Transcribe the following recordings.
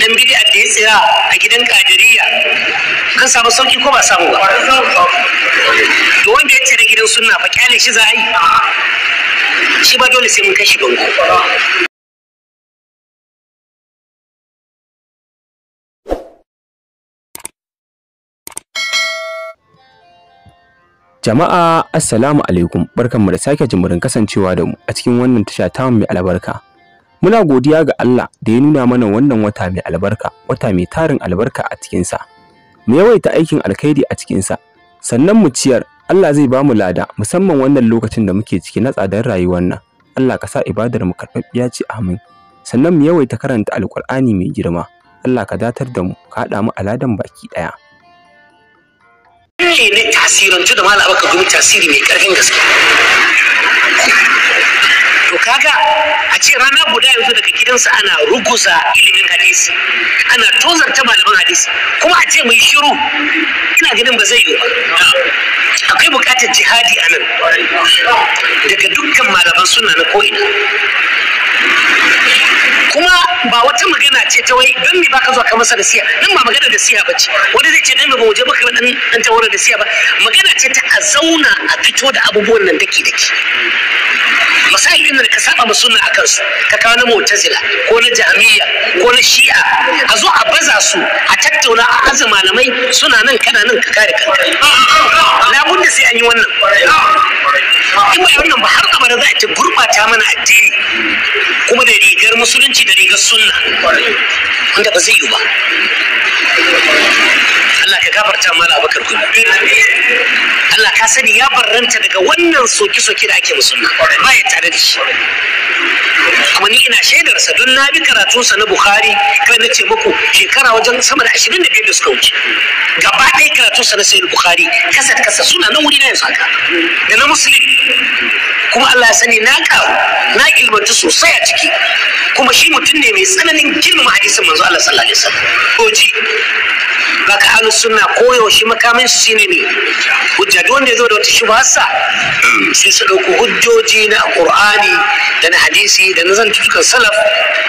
dan bid'a da ya tsira a gidan kadiriya kan samu sauki ko ba samu ba to wanda ya tsira gidan sunna fa kyale shi za a yi shi ba dole sai mun kashi bango Jama'a Assalamu alaikum barkanmu da sake jimurin kasancewa da mu a cikin wannan tasha ta mai albarka. Muna godiya ga Allah da ya nuna mana wannan wata mai albarka, wata mai tarin albarka a cikinsa. Mu yawaita aikin alkhairi a cikinsa, sannan mu ciyar Allah zai ba mu lada musamman wannan lokacin da muke ciki na tsadar rayuwar nan. Allah ka sa ibadar mu karɓaɓɓiya ce amin. Sannan mu yawaita karanta Alƙur'ani mai girma. Allah ka datar da mu, ka haɗa mu a ladan baki ɗaya. ne tasirantu da malaba ka gumi tasiri mai ƙarfin gaske. to kaga a ce rana guda ya fito daga gidansa ana rugusa ilimin hadisi ana tozarta malaman hadisi kuma a ce mai shiru ina ganin ba zai yi ba akwai bukatar jihadi a nan daga dukkan malaman suna na ko'ina kuma ba wata magana ce ta wai don me baka zuwa ka masa da siya nan ba magana da siya ba ce wani zai ce don me ba waje ba dan dan tawara da siya ba magana ce ta a zauna a fito da abubuwan nan daki daki sa din da ka saba ma sunna akan su ka kawo na mu'tazila ko na jami'a ko na shi'a a zo a baza su a tattauna a aza malamai suna nan kana nan ka kare kanka Na da sai an yi wannan in ba wannan ba har abada za a ta gurbata mana addini kuma da rigar musulunci da rigar sunna wanda ba zai yi ba Allah ka gafarta mala abakar kuma Allah ya barranta daga wannan soke-soke da ake musulma. ba ya tare da shi kuma ni ina shaidarsa don na bi karatunsa na bukhari kai na ce muku shekara wajen sama da ashirin da biyar da suka wuce gaba ɗaya karatunsa na sayin bukhari kasa kasa suna nan wuri na yanzu haka da na musulmi kuma Allah ya sani na ƙaru, na ilmanta sosai a ciki kuma shi mutum ne mai tsananin girma hadisin manzo Allah sallallahu alaihi wasallam Baka ka suna sunna koyaushe makamin su shine ne hujja wanda ya zo da wata shubhasa sai su ɗauki hujjoji na qur'ani da na hadisi da na zantutukan salaf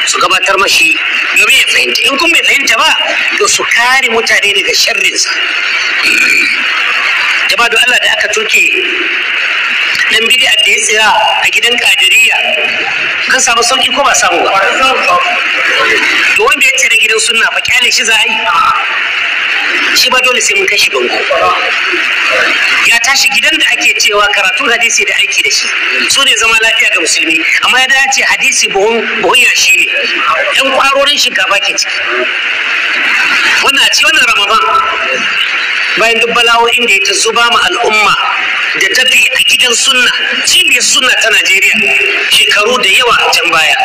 su gabatar mashi domin ya fahimta in kun bai fahimta ba to su kare mutane daga sharrinsa jama'a don Allah da aka turke dan bid'a da ya tsira a gidan kadiriya kan samu sauki ko ba samu ba to wanda ya tsira gidan sunna fa kyale shi za a yi shi ba dole sai mun kashi bango ya tashi gidan da ake cewa karatun hadisi da aiki da shi su ne zama lafiya ga musulmi amma ya dace hadisi buhun shi, ne yan kwarorin shinkafa ke ciki wannan a ce wannan ramadan bayan duk bala'o'in da ya ta zuba ma al'umma da ta fi a gidan sunna cibiyar sunna ta najeriya shekaru da yawa can baya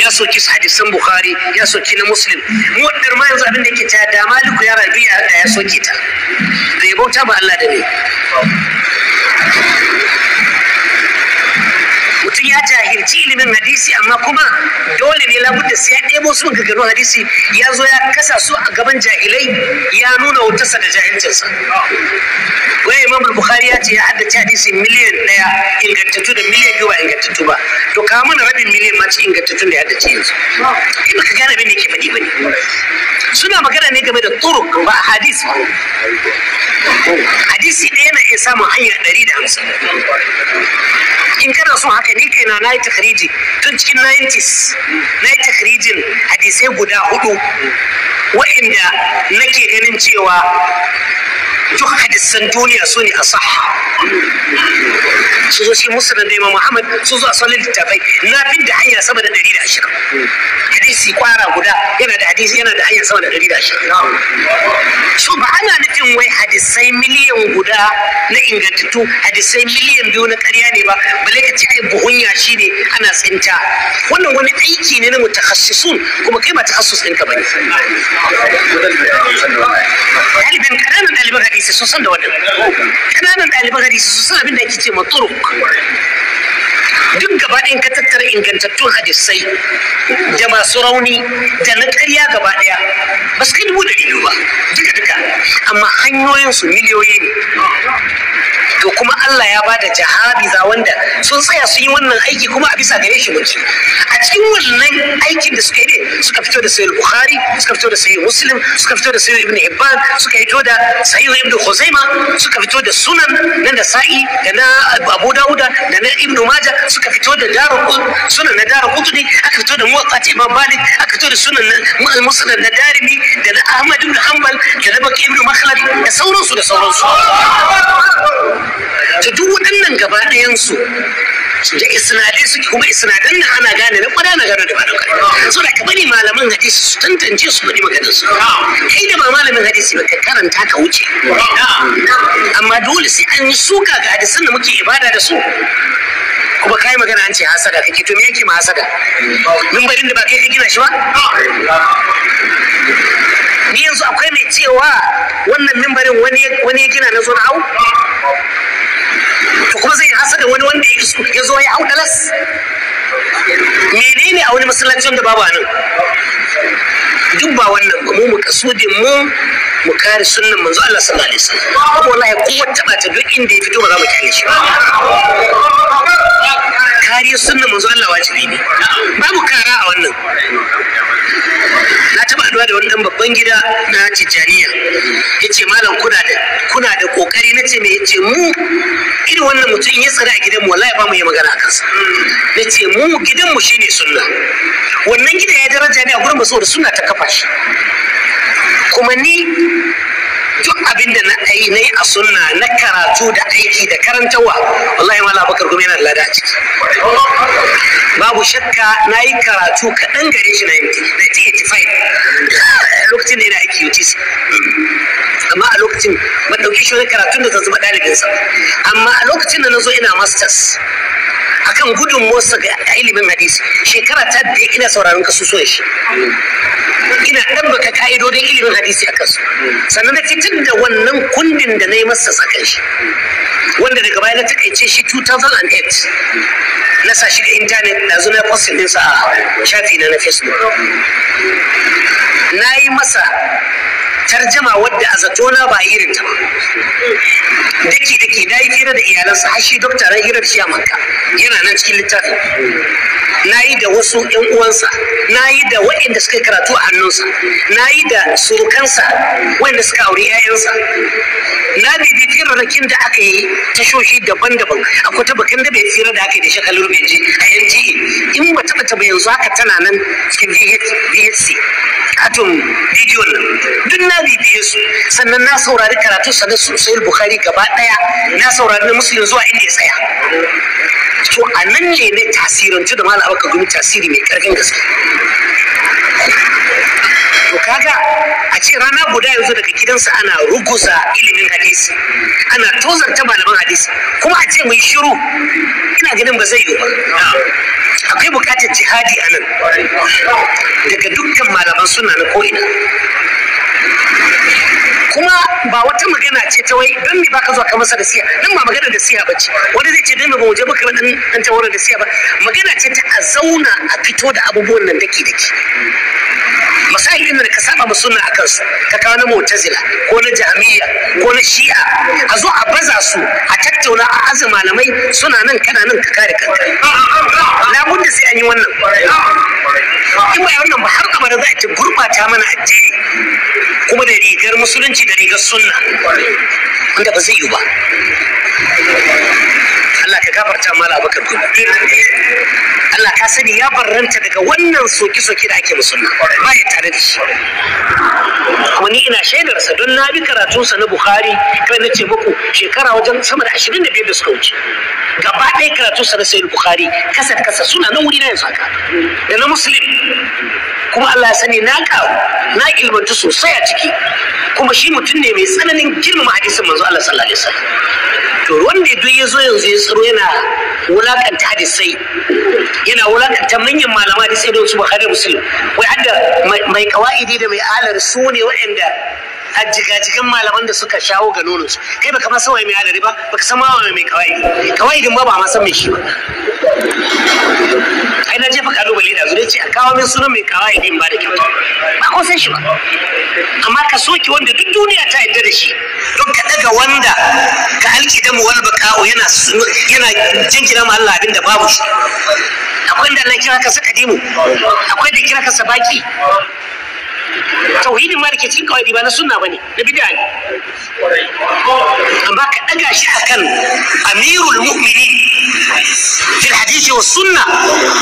ya soki hadisan bukhari ya soki na muslim mu wadar ma yanzu abin da yake ta da maliku ya rabi da ya soke ta ya bauta ba allah da ne mutum ya jahilci ilimin hadisi amma kuma dole ne labudda sai ya ɗebo su maganganun hadisi ya zo ya kasa su a gaban jahilai ya nuna wutarsa da jahilcinsa wai imam bukhari ya ce ya haddace hadisi miliyan ɗaya ingantattu da miliyan biyu ba ingantattu ba to kawo mana rabin miliyan ma ce ingantattu da ya haddace yanzu kai baka gane abin da yake faɗi bane suna magana ne game da turuk ba a hadisi hadisi ɗaya na iya samun hanya ɗari da hamsin in kana son haka ne tahriji na na yi tahriji tun cikin 90s na yi tahrijin hadisai guda hudu wa'inda nake ganin cewa duk hadisan duniya su ne a sa su zo cikin musulun da imam muhammad su zo a salin littafai na bin da hanya sama da ɗari da ashirin hadisi kwara guda yana da hadisi yana da hanya sama da ɗari da ashirin so ba ana nufin wai hadisai miliyan guda na ingantattu hadisai miliyan biyu na ƙarya ne ba bale ka ce ai buhunya shi ne ana tsinta wannan wani aiki ne na mutakhassisun kuma kai ba takhassus ɗinka ba ne sun san da wannan kananan ɗaliban hadisi su san abin da ake ce ma turuk duk gaba ɗayan ka tattara ingantattun hadisai da masu rauni da na ƙarya gaba ɗaya ba su kai dubu da ba duka duka amma hanyoyinsu miliyoyi ne to kuma Allah ya bada jahabiza wanda sun tsaya sun yi wannan aiki kuma a bisa gare shi muke a cikin wannan aikin da suka yi ne suka fito da sahih bukhari suka fito da sahih muslim suka fito da sahih ibn hibban suka fito da sahih ibn khuzaima suka fito da sunan nan da sa'i da na abu dauda da na ibn majah suka fito da daru sunan na daru qutni aka fito da muwaqqat imam malik aka fito da sunan al-musnad na darimi da na ahmad ibn hanbal da na baqi ibn makhlad da sauransu da sauransu ta duk waɗannan gaba ɗayan su da isnadai suke kuma isnadan nan ana gane na kwada na gano da ba dauka so da ka bari malaman hadisi su tantance su bari maganar su kai da ba malamin hadisi ba ka karanta ka wuce amma dole sai an yi suka ga hadisan da muke ibada da su kuma kai magana an ce hasada kake to me yake ma hasada bari da ba kai ka gina shi ba ni yanzu akwai mai cewa wannan mimbarin wani ya gina na zo na au? to kuma zai hasa da wani wanda ya zo ya au dalas menene a wani masallacin da babu nan duk ba wannan ba mu mu kasudin mu mu kare sunnan manzo Allah sallallahu alaihi wasallam wallahi kowace ta duk inda ya fito ba za mu kyale shi ba kariyar sunan manzo Allah wajibi ne babu kara a wannan na taba addu'a da wani dan babban gida na Tijjaniya yace malam kuna da kuna da kokari nace me yace mu irin wannan mutum in ya tsara a mu wallahi ba mu yi magana a kansa nace mu gidan mu shine sunna wannan gida ya daraja ne a gurin masu saboda sunna ta kafa shi kuma ni duk abin da na yi na yi a sunna na karatu da aiki da karantarwa wallahi mala bakar kuma yana da lada a ciki babu shakka na yi karatu kaɗan gare shi na na 1985 lokacin da yana aiki UTC amma a lokacin ba shi wani karatun da zan zama ɗalibinsa amma a lokacin da na zo ina masters akan gudun motsa ga ilimin hadisi shekara ta da ina sauraron kasusuwan shi ina ɗabbaka ka'idodin ilimin hadisi a kansu sannan na fitar da wannan kundin da na yi masa tsakan shi wanda daga baya na takaice shi 2008 na sa shi ga intanet ɗazu na postin sa a shafi na na facebook na yi masa tarjama wadda a zatona ba irin ta ba daki daki na yi fira da iyalansa har shi doktoran hirar shi a makka yana nan cikin littafin na yi da wasu yan uwansa na yi da waɗanda suka karatu a hannunsa na yi da surukansa waɗanda suka auri 'ya'yansa na bibi firarrakin da aka yi tashoshi daban-daban akwai ta bakin da bai tsira da aka yi da shakalin benji a yanci in ba taɓa taɓa yanzu haka tana nan cikin vhc atom bidiyon nan duk na bibiye su sannan na saurari karatu sannan sosai al-bukari gaba ɗaya na saurari na musulun zuwa inda ya tsaya to a nan ne ne tasirin da malam ka gumi tasiri mai karfin gaske to kaga a ce rana guda yanzu daga gidansa ana ruguza ilimin hadisi ana tozarta malaman hadisi kuma a ce mai shiru ina ganin ba zai yi ba akwai bukatar jihadi a nan daga dukkan malaman suna na ko'ina kuma ba wata magana ce ta wai don me ka zo ka masa da siya nan ba magana da siya ba ce wani zai ce don me ba waje makarantar an tawara da siya ba magana ce ta a zauna a fito da abubuwan nan da ke wasu ayyukan da ka saba mu sunna akan su ka kawo na mu'tazila ko na jahmiya ko na shi'a a zo a baza su a tattauna a azu malamai suna nan kana nan ka kare kanka labudda sai an yi wannan in ba wannan ba har abada za a ta gurbata mana addini kuma da rigar musulunci da rigar sunna wanda ba zai yi ba Allah ka gafarta mala abakar kuma Allah ta sani ya barranta daga wannan soki-soki da ake musulmi ba ya tare da shi kuma ina shaidarsa don na bi karatunsa na Bukhari kai na ce muku shekara wajen sama da ashirin da biyar da suka wuce gaba ɗaya karatunsa na sayin Bukhari kasa kasa suna nan wuri na yanzu haka da na Musulmi. kuma Allah ya sani na karu na ilmantu sosai a ciki kuma shi mutum ne mai tsananin girmama hadisin manzo Allah sallallahu alaihi wasallam to wanda duk ya zo yanzu ya tsaro yana wulakanta hadisai yana wulakanta manyan malama da sai don su bukhari muslim wai hadda mai kawaidi da mai alar su ne waɗanda a jigajigan malaman da suka shawo ga nono kai baka ma san wai mai alari ba baka san mai kawaidi kawaidin ba ba ma san mai shi ba ce a kawo min suna mai kawai din ba da kyauta ba ko san shi ba amma ka soke wanda duk duniya ta yarda da shi don ka daga wanda ka alki mu walba kawo yana yana jinkira mu Allah abinda babu shi akwai da Allah kira ka saka dimu akwai da kira ka sabaki tauhidin ma da ke cikin kawai ba na sunna ne, na bid'a ne amma ka daga shi akan amirul mu'minin fil hadisi wa sunna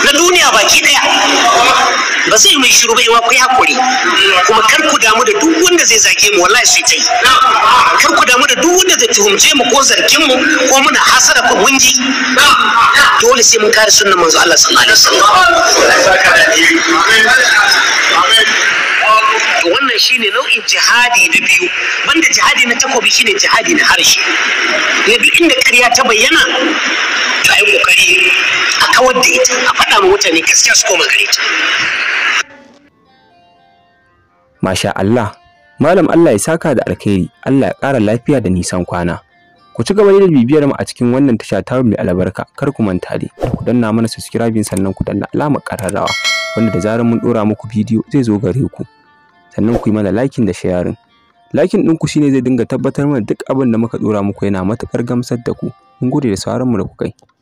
na duniya baki daya ba zai mai shiru ba ya kai yi hakuri kuma kar ku damu da duk wanda zai zage mu wallahi sai tai kar ku damu da duk wanda zai tuhumce mu ko zargin mu ko muna hasara ko mun ji dole sai mun kare sunnan manzo Allah sallallahu alaihi wasallam shine nau'in jihadi na biyu banda jihadi na takobi shine jihadi na harshe Ya duk inda ƙarya ta bayyana ta yi ƙoƙari a kawar da ita a faɗa ma mutane gaskiya su koma gare ta masha Allah malam Allah ya saka da alkhairi Allah ya ƙara lafiya da nisan kwana ku ci gaba da bibiyar mu a cikin wannan tasha ta mai albarka kar ku manta dai ku danna mana subscribe sannan ku danna alamar ƙararrawa wanda da zarar mun dora muku bidiyo zai zo gare ku sannan ku yi mana lakin da sharing liking ɗinku shi ne zai dinga tabbatar mana duk abin da muka ɗora muku yana matuƙar gamsar da ku mun gode da sauraron mu da ku kai.